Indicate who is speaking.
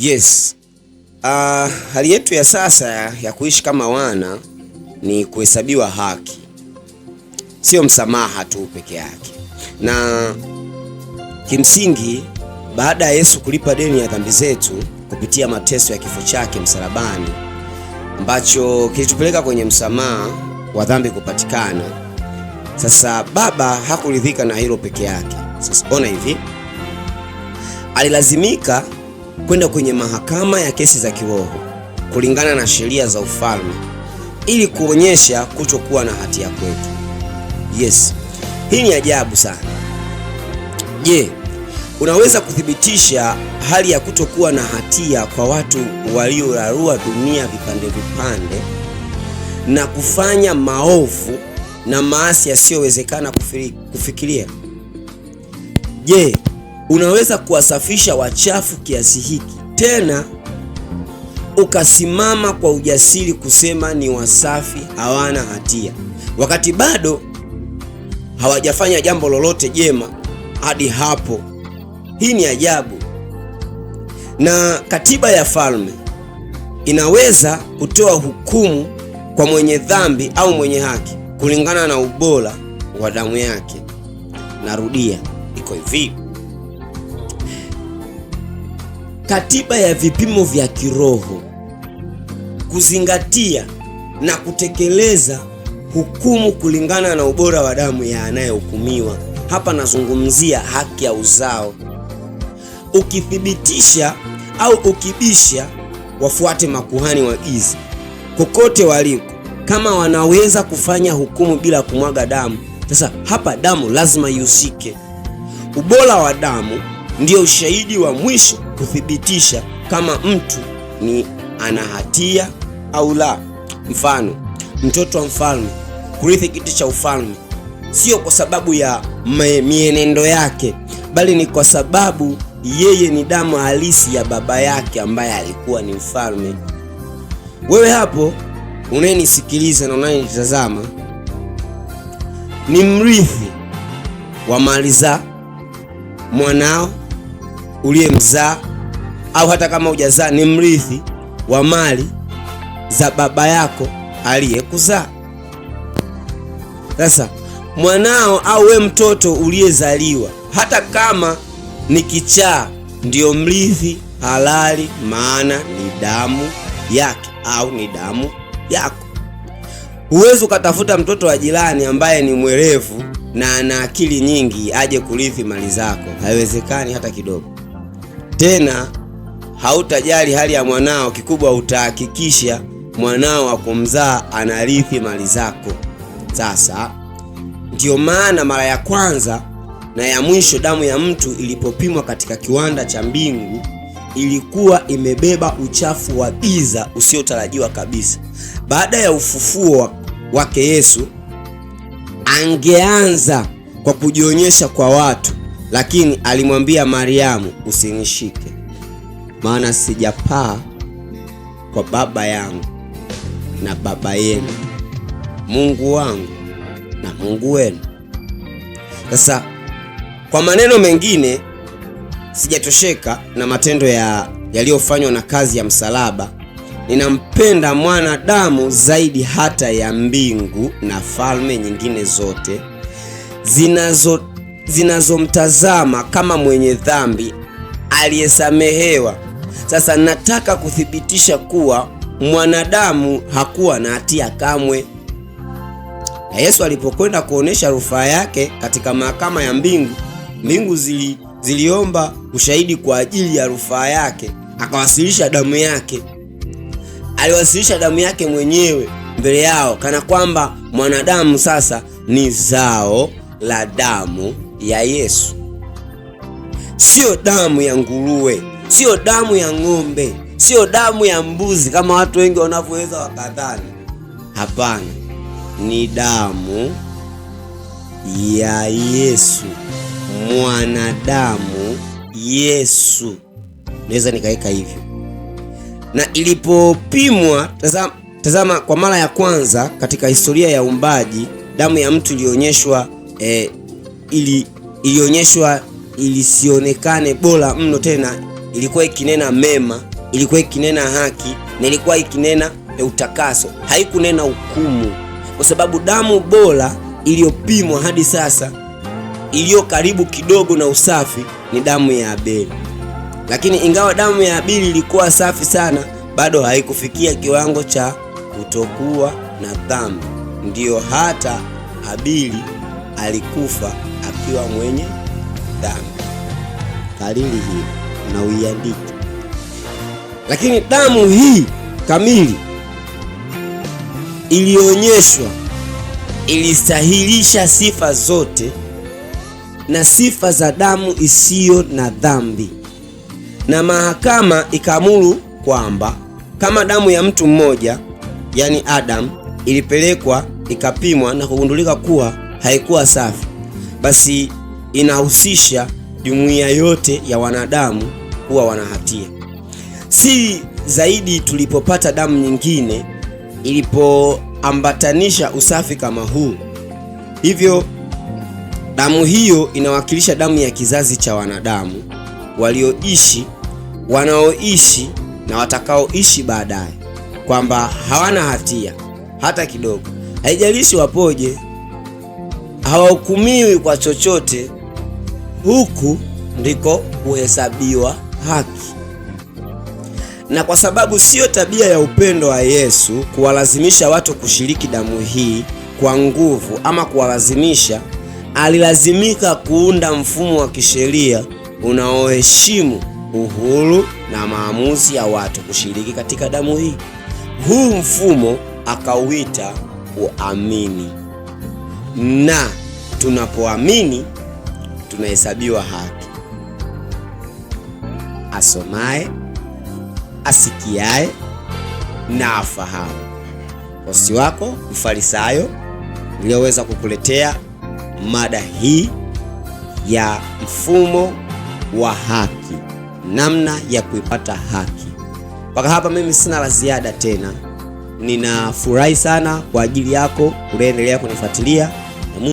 Speaker 1: Yes. Uh, hali yetu ya sasa ya kuishi kama wana ni kuhesabiwa haki, sio msamaha tu peke yake. Na kimsingi, baada ya Yesu kulipa deni ya dhambi zetu kupitia mateso ya kifo chake msalabani, ambacho kilitupeleka kwenye msamaha wa dhambi kupatikana, sasa Baba hakuridhika na hilo peke yake. Sasa ona hivi, alilazimika kwenda kwenye mahakama ya kesi za kiroho kulingana na sheria za ufalme ili kuonyesha kutokuwa na hatia kwetu. Yes, hii ni ajabu sana. Je, unaweza kuthibitisha hali ya kutokuwa na hatia kwa watu waliorarua dunia vipande vipande na kufanya maovu na maasi yasiyowezekana kufikiria? Je, unaweza kuwasafisha wachafu kiasi hiki, tena ukasimama kwa ujasiri kusema ni wasafi, hawana hatia, wakati bado hawajafanya jambo lolote jema hadi hapo. Hii ni ajabu. Na katiba ya falme inaweza kutoa hukumu kwa mwenye dhambi au mwenye haki kulingana na ubora wa damu yake. Narudia, iko hivi. Katiba ya vipimo vya kiroho kuzingatia na kutekeleza hukumu kulingana na ubora wa damu ya anayehukumiwa. Hapa nazungumzia haki ya uzao. Ukithibitisha au ukibisha, wafuate makuhani wa izi kokote waliko, kama wanaweza kufanya hukumu bila kumwaga damu. Sasa hapa damu lazima ihusike. Ubora wa damu ndio ushahidi wa mwisho kuthibitisha kama mtu ni ana hatia au la. Mfano, mtoto wa mfalme kurithi kiti cha ufalme sio kwa sababu ya mienendo yake, bali ni kwa sababu yeye ni damu halisi ya baba yake ambaye alikuwa ni mfalme. Wewe hapo unayenisikiliza na unayenitazama ni mrithi wa mali za mwanao uliyemzaa au hata kama hujazaa ni mrithi wa mali za baba yako aliyekuzaa. Sasa mwanao au we mtoto uliyezaliwa, hata kama ni kichaa, ndiyo mrithi halali, maana ni damu yake au ni damu yako. Huwezi ukatafuta mtoto wa jirani ambaye ni mwerevu na ana akili nyingi aje kurithi mali zako, haiwezekani hata kidogo. Tena hautajali hali ya mwanao, kikubwa utahakikisha mwanao wa kumzaa anarithi mali zako. Sasa ndiyo maana mara ya kwanza na ya mwisho damu ya mtu ilipopimwa katika kiwanda cha mbingu ilikuwa imebeba uchafu wa giza usiotarajiwa kabisa. Baada ya ufufuo wake Yesu angeanza kwa kujionyesha kwa watu lakini alimwambia Mariamu, usinishike maana sijapaa kwa baba yangu na baba yenu, Mungu wangu na Mungu wenu. Sasa kwa maneno mengine, sijatosheka na matendo ya yaliyofanywa na kazi ya msalaba. Ninampenda mwanadamu zaidi hata ya mbingu na falme nyingine zote zinazo zinazomtazama kama mwenye dhambi aliyesamehewa. Sasa nataka kuthibitisha kuwa mwanadamu hakuwa na hatia kamwe. Na Yesu alipokwenda kuonesha rufaa yake katika mahakama ya mbingu, mbingu zili, ziliomba ushahidi kwa ajili ya rufaa yake, akawasilisha damu yake. Aliwasilisha damu yake mwenyewe mbele yao, kana kwamba mwanadamu sasa ni zao la damu ya Yesu, sio damu ya nguruwe, sio damu ya ng'ombe, siyo damu ya mbuzi kama watu wengi wanavyoweza wakadhani. Hapana, ni damu ya Yesu, mwanadamu Yesu, naweza nikaweka hivyo. Na ilipopimwa, tazama, tazama, kwa mara ya kwanza katika historia ya umbaji damu ya mtu ilionyeshwa eh, ili ilionyeshwa ilisionekane bora mno tena, ilikuwa ikinena mema, ilikuwa ikinena haki na ilikuwa ikinena e utakaso, haikunena hukumu, kwa sababu damu bora iliyopimwa hadi sasa iliyo karibu kidogo na usafi ni damu ya Abeli. Lakini ingawa damu ya Abeli ilikuwa safi sana, bado haikufikia kiwango cha kutokuwa na dhambi, ndiyo hata Abeli alikufa akiwa mwenye dhambi. kalili hii na uiandike. Lakini damu hii kamili ilionyeshwa ilistahilisha sifa zote na sifa za damu isiyo na dhambi, na mahakama ikaamuru kwamba kama damu ya mtu mmoja, yani Adamu, ilipelekwa ikapimwa na kugundulika kuwa haikuwa safi, basi inahusisha jumuiya yote ya wanadamu kuwa wanahatia. Si zaidi tulipopata damu nyingine ilipoambatanisha usafi kama huu. Hivyo damu hiyo inawakilisha damu ya kizazi cha wanadamu walioishi, wanaoishi na watakaoishi baadaye, kwamba hawana hatia hata kidogo, haijalishi wapoje, hawahukumiwi kwa chochote, huku ndiko kuhesabiwa haki. Na kwa sababu siyo tabia ya upendo wa Yesu kuwalazimisha watu kushiriki damu hii kwa nguvu ama kuwalazimisha, alilazimika kuunda mfumo wa kisheria unaoheshimu uhuru na maamuzi ya watu kushiriki katika damu hii. Huu mfumo akauita uamini na tunapoamini tunahesabiwa haki. Asomaye, asikiaye na afahamu. Hosi wako Mfarisayo niliyoweza kukuletea mada hii ya mfumo wa haki, namna ya kuipata haki. Mpaka hapa mimi sina la ziada tena. Ninafurahi sana kwa ajili yako uliendelea kunifuatilia.